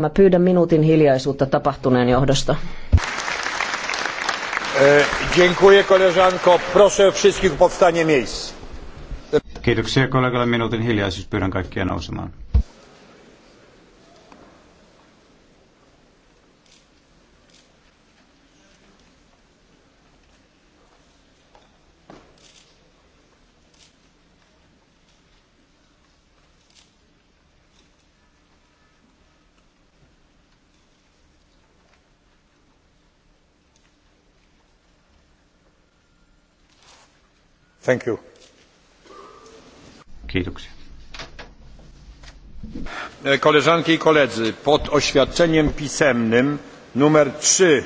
Mä pyydän minuutin hiljaisuutta tapahtuneen johdosta. E, dziękuję koleżanko. Proszę wszystkich o powstanie miejsc. Kiitoksia kollegalle. Minuutin hiljaisuus pyydän kaikkia nousemaan. Thank you. Kiitoksia. E, koleżanki i koledzy, pod oświadczeniem pisemnym numer 3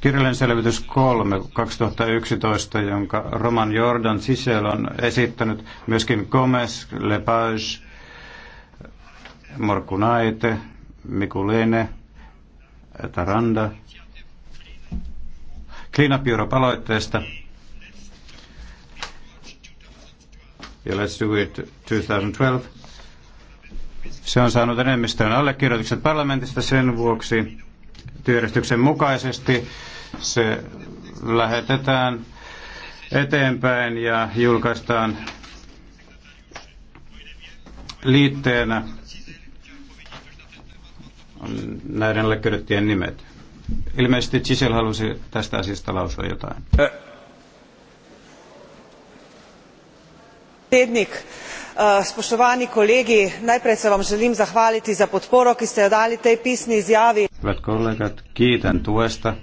Kirjallinen selvitys 3 2011, jonka Roman Jordan Cicel on esittänyt, myöskin Gomez, Lepage, Morkunaite, Mikulene, Taranda. Cleanup Europe-aloitteesta ja Let's Do It 2012. Se on saanut enemmistön allekirjoitukset parlamentista sen vuoksi työjärjestyksen mukaisesti. Se lähetetään eteenpäin ja julkaistaan liitteenä näiden allekirjoittajien nimet. Ilmeisesti Chisel halusi tästä asiasta lausua jotain. Ä- äh, Eh, spoštovani kolegi najprej se vam želim zahvaliti za podporo ki ste jo dali tej pisni izjavi. hyvät kollegat kiitän tuesta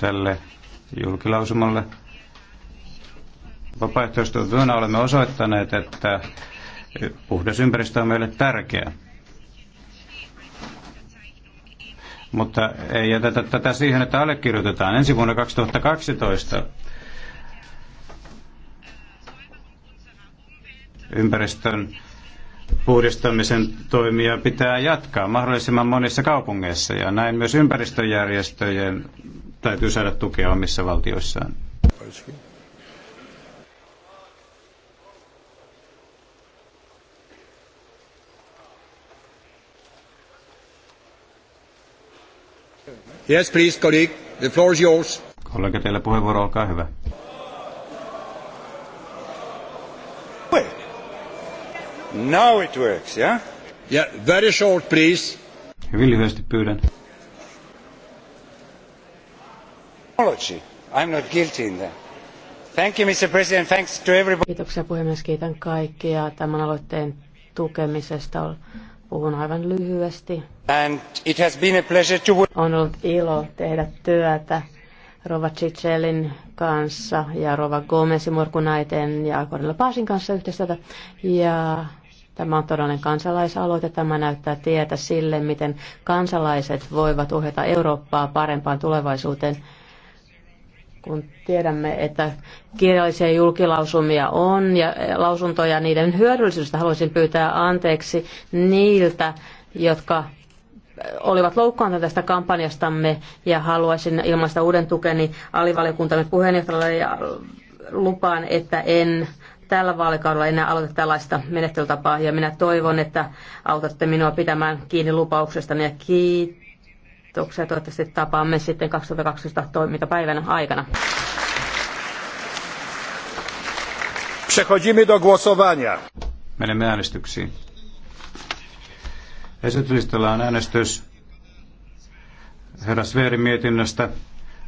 tälle julkilausumalle. olemme osoittaneet, että puhdas ympäristö on meille tärkeä. Mutta ei jätetä tätä siihen, että allekirjoitetaan ensi vuonna 2012 ympäristön puhdistamisen toimia pitää jatkaa mahdollisimman monissa kaupungeissa ja näin myös ympäristöjärjestöjen täytyy saada tukea omissa valtioissaan. Yes, please, colleague. The floor is yours. Kollega, teillä puheenvuoro, olkaa hyvä. Now it works, yeah? Yeah, very short, please. Hyvin lyhyesti pyydän. Apology. I'm not guilty in that. Thank you, Mr. President. Thanks to everybody. Kiitoksia puhemies. Kiitän kaikkia tämän aloitteen tukemisesta. Puhun aivan lyhyesti. And it has been a pleasure to... On ollut ilo tehdä työtä Rova Chicelin kanssa ja Rova Gomezin murkunaiten ja Cornelia Paasin kanssa yhteistyötä. Ja Tämä on todellinen kansalaisaloite. Tämä näyttää tietä sille, miten kansalaiset voivat ohjata Eurooppaa parempaan tulevaisuuteen. Kun tiedämme, että kirjallisia julkilausumia on ja eh, lausuntoja niiden hyödyllisyydestä haluaisin pyytää anteeksi niiltä, jotka eh, olivat loukkaantuneet tästä kampanjastamme ja haluaisin ilmaista uuden tukeni alivaliokuntamme puheenjohtajalle ja lupaan, että en tällä vaalikaudella enää aloita tällaista menettelytapaa ja minä toivon, että autatte minua pitämään kiinni lupauksesta ja kiitoksia. Toivottavasti tapaamme sitten 2012 toimintapäivänä aikana. Przechodzimy do głosowania. Menemme äänestyksiin. Esityslistalla on äänestys herra Sveerin mietinnöstä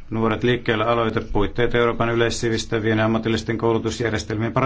Nuoret liikkeellä aloitepuitteet Euroopan yleissivistävien ammatillisten koulutusjärjestelmien parantamiseksi.